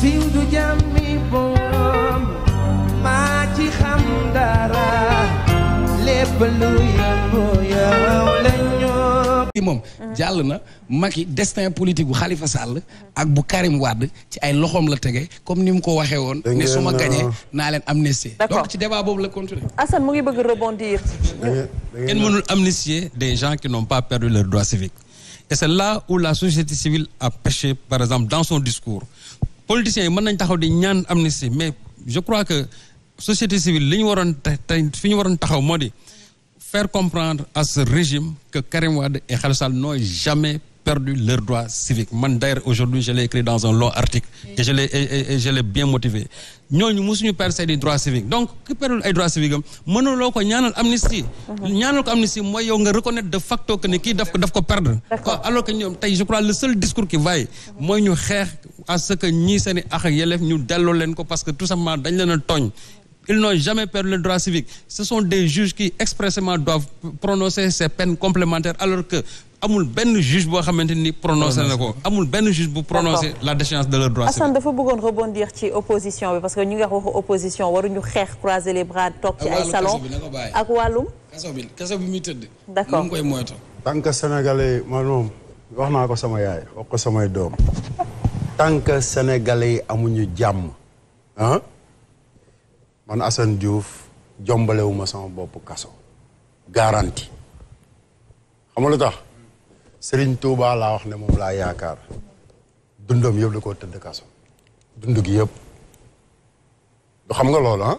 siiw du des gens qui n'ont pas perdu leurs droits civiques et c'est là où la société civile a pêché, par exemple dans son discours politiciens yi mën nañ taxaw di ñaan amnistie mais je crois que société civile li faire comprendre à ce régime que Karim Wade et Khalifa n'ont jamais perdu leurs droits civiques man d'ailleurs aujourd'hui je l'ai écrit dans un long article et je l'ai et, je l'ai bien motivé Nous nous perdre des des droits civiques donc qui perd les droits civiques am mënuloo l'amnistie. ñaanal amnistie mhm. ñaanal ko amnistie yow nga reconnaître de facto que nous qui daf ko perdre alors que nous, je crois le seul discours qui va, moi ñu xeex à ce que nous devons ni ak yelleef ñu parce que tout simplement dañ donné un ils n'ont jamais perdu le droit civique. Ce sont des juges qui expressément doivent prononcer ces peines complémentaires alors que amul ben juge bo xamanteni prononcer nako na ko amul juge bu prononcer la déchéance de leur droit civique. Assane dafa bëggoon rebondir ci opposition bi parce que ñu ngi wax opposition ñu xeex croiser les bras tok ci ay salon ak walum kasso bi kasso bi mi teud d'accord mu koy moytu tant que sénégalais man mom wax naa ko sama yaay wax ko samay doom tant que sénégalais yi amuñu jamm. Hein man Assane Diouf jombalewuma sama bopp kaso garanti xam nga lu tax Serigne Touba laa wax ne moom laa yaakaar dundam yëpp da koo tëdd dund gi yëpp du xam nga loolu ah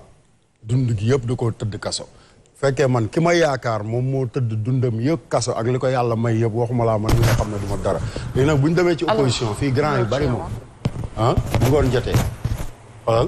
dund gi yëpp da koo tëdd kaso fekkee man ki ma yaakaar moom moo tëdd dundam yëpp kaso ak li ko yàlla may yëpp waxuma laa man nga xam ne du ma dara léegi nag bu ñu demee ci opposition fii grand yu bari moom ah ngoon jotee xoolal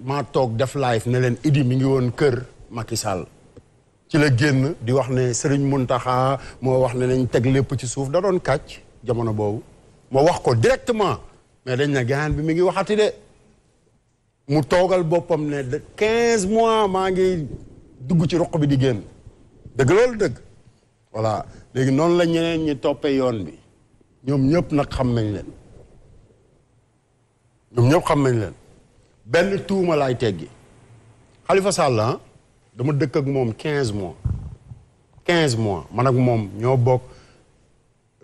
maa toog def live ne leen Idi mi ngi woon kër Macky ci la génn di wax ne Serigne Mountakha moo wax ne nañ teg lépp ci suuf da doon kàcc jamono boobu ma wax ko directement mais dañ ne gaan bi mi ngi waxati de mu toogal boppam ne de quinze mois maa ngi dugg ci roq bi di génn dëgg loolu dëgg voilà léegi noonu la ñeneen ñi toppee yoon bi ñoom ñëpp nag xam nañ leen ñoom ñëpp xam nañ leen benn tuuma laay teggi Khalifa Sall ah, dama dëkk ak moom 15 mois 15 mois man ak moom ñoo bokk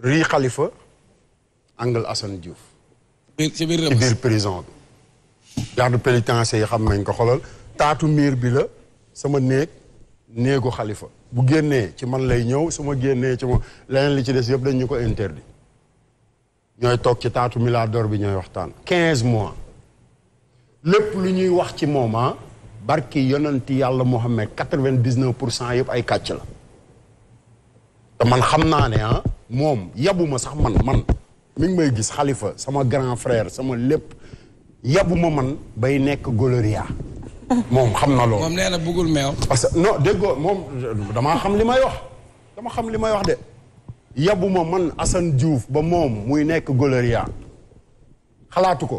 Khalifa angle Assane Diouf cest biir prison garde pénitentiaire yi xam ko xolal taatu miir bi la sama Khalifa bu génnee ci man lay ñëw su ma ci li ci des yëpp dañ ñu ko interdit ñooy toog ci taatu bi mois lépp lu ñuy wax ci moom ah barki yonanti yàlla Muhammad quatre-vingt-dix-neuf pour cent yëpp ay kàcc la te man xam naa ne ah moom yabuma sax man man mi may gis xalifa sama grand frère sama lépp yabuma man bay nekk goloria moom xam na loolu. moom nee na bëggul meew. parce que déggoo moom damaa xam li may wax dama xam li may wax de yabuma man Assane Diouf ba moom muy nekk goloria xalaatu ko.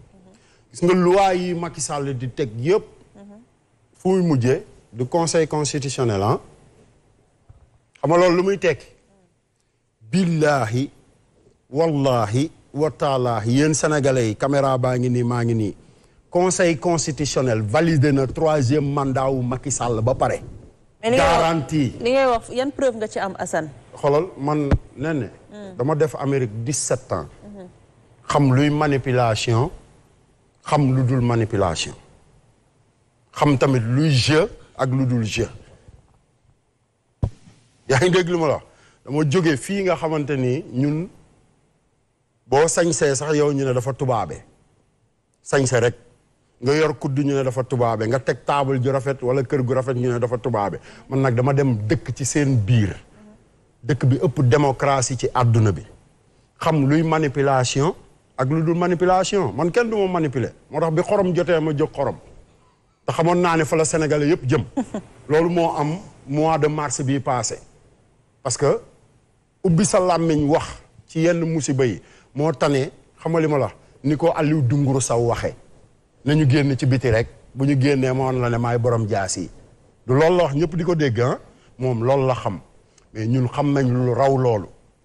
gis nga loi yi Macky Sall di tek yëpp. fu muy du conseil constitutionnel hein xam nga loolu lu muy tekki. billaahi wallaahi wataalaahi sénégalais caméra baa ngi nii maa ngi conseil constitutionnel validé na troisième mandat wu Macky Sall ba pare. garantie li ngay wax yan preuve nga ci am Hassan xolal man nee hmm. dama def Amérique dix-sept ans. xam luy manipulation. xam lu dul manipulation xam tamit luy jeu ak lu dul jeu yaa ngi dégg lu ma la dama jóge fii nga xamante ni ñun boo sañsee sax yow ñu ne dafa tubaabe sañse rek nga yor kudd ñu ne dafa tubaabe nga teg taabal ju rafet wala kër gu rafet ñu ne dafa tubaabe man nag dama dem dëkk ci seen biir dëkk bi ëpp démocratie ci àdduna bi xam luy manipulation ak lu dul manipulation man kenn du ma manipuler moo tax bi xorom jotee ma jóg xorom te xamoon naa ne fa la sénégalais yëpp jëm loolu moo am mois de marse bii passé parce que ubbi sa làmmiñ wax ci yenn musiba yi moo tane xamali ma la ni ko Aliou Dunguru saw waxee nañu génn ci biti rek bu ñu génnee ma woon la ne maay borom jaas yi du loolu la wax ñëpp di ko dégg ah. moom loolu la xam mais ñun xam nañ lu raw loolu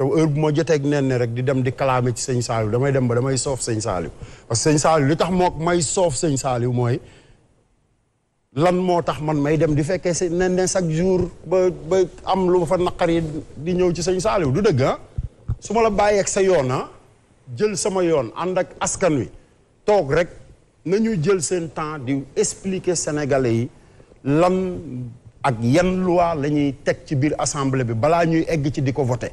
to heure bu ma joteeg nen ne rek di dem di kalaame ci sañ Saliou damay dem ba damay soof sañ Saliou parce que sëñ Saliou li tax moo may soof sëñ Saliou mooy lan moo tax man may dem di fekkee sëñ nen ne chaque jour ba ba am lu ma fa naqar yi di ñëw ci sëñ Saliou du dëgg ah? su ma la ak sa yoon a ah, jël sama yoon ànd ak askan wi toog rek nañu jël seen temps di expliquer sénégalais yi lan ak yan loi la ñuy teg ci biir assemblée bi balaa ñuy egg ci di ko voter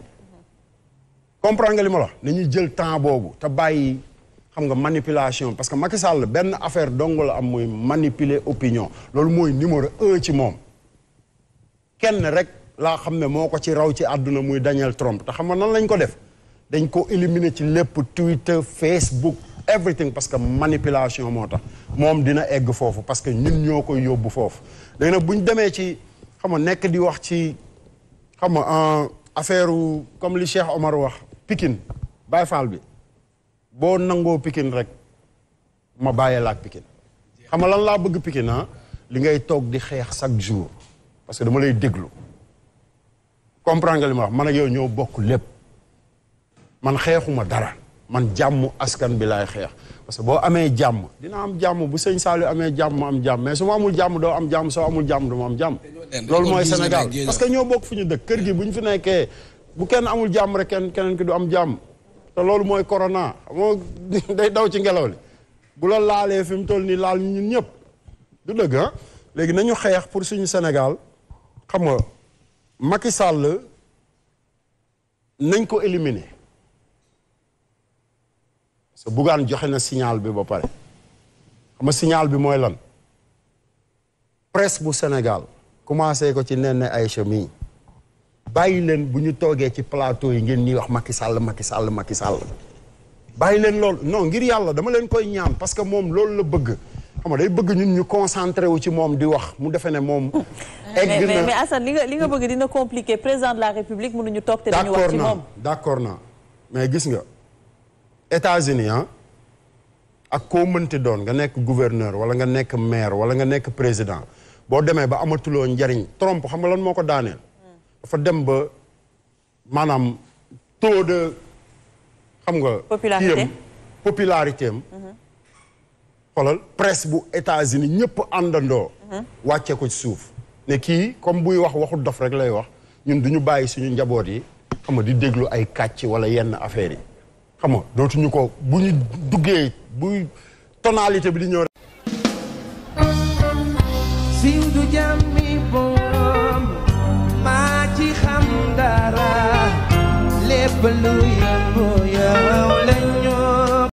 comprendre nga li ma la nañuy jël temps boobu te bàyyi xam nga manipulation parce que Macky Sall benn affaire dong la am muy manipuler opinion loolu mooy numéro un ci moom kenn rek laa xam ne moo ko ci raw ci àdduna muy Daniel Trump te xam nga nan lañ ko def dañ ko éliminer ci lépp Twitter Facebook everything parce que manipulation moo tax moom dina egg foofu parce que ñun ñoo koy yóbbu foofu léegi nag bu ñu demee ci xam nga nekk di wax ci xam nga affaire comme li Cheikh Omar wax Pikine Baye Fall bi boo nangoo Pikine rek ma bàyyee laak pikin xam nga lan laa bëgg Pikine ah li ngay toog di xeex chaque jour parce que dama lay déglu comprendre nga li ma wax man ak yow ñoo bokk lépp man xeexuma dara man jàmm askan bi laay xeex parce que boo amee jàmm dina am jàmm bu sëñ Saliou amee jàmm am jàmm mais su ma amul jàmm doo am jàmm soo amul jàmm du am jàmm loolu mooy Sénégal parce que ñoo bokk fu ñu dëkk kër gi bu ñu nekkee bu kenn amul jàmm rek kenn keneen ki du am jàmm te loolu mooy corona moo day daw ci ngelaw li bu la laalee fi mu toll nii laal ñun ñëpp du dëgg ah léegi nañu xeex pour suñu Sénégal xam nga Macky Sall nañ ko éliminer parce que Bougane joxe na signal bi ba pare xam signal bi mooy lan presse bu Sénégal commencé ko ci nen ay chemise bàyyi leen bu ñu toogee ci plateau yi ngeen ñuy wax Macky Sall Macky Sall Macky Sall bàyyi leen lool non ngir yàlla dama leen koy ñaan parce que moom loolu la bëgg xam nga day bëgg ñun ñu concentré wu ci moom di wax mu defe ne moom. egg na mais li nga li bëgg dina compliqué président de la république mënuñu toog te dañu wax ci moom d' accord naa mais gis nga États-Unis ah ak koo mënti doon nga nekk gouverneur wala nga nekk maire wala nga nekk président boo demee ba amatuloo njariñ Trump xam nga lan moo ko daaneel. dafa dem ba maanaam taux de xam nga. popularité am popularité am. Mhm. xoolal presse bu États-Unis ñëpp àndandoo. Mhm. wàccee ko ci suuf. ne kii comme buy wax waxu dof rek lay wax ñun du ñu bàyyi suñu njaboot yi xam nga di déglu ay kàcc wala yenn affaires yi xam nga dootuñu ko bu ñu duggee buy tonalité bi di ñëw. hallelujah.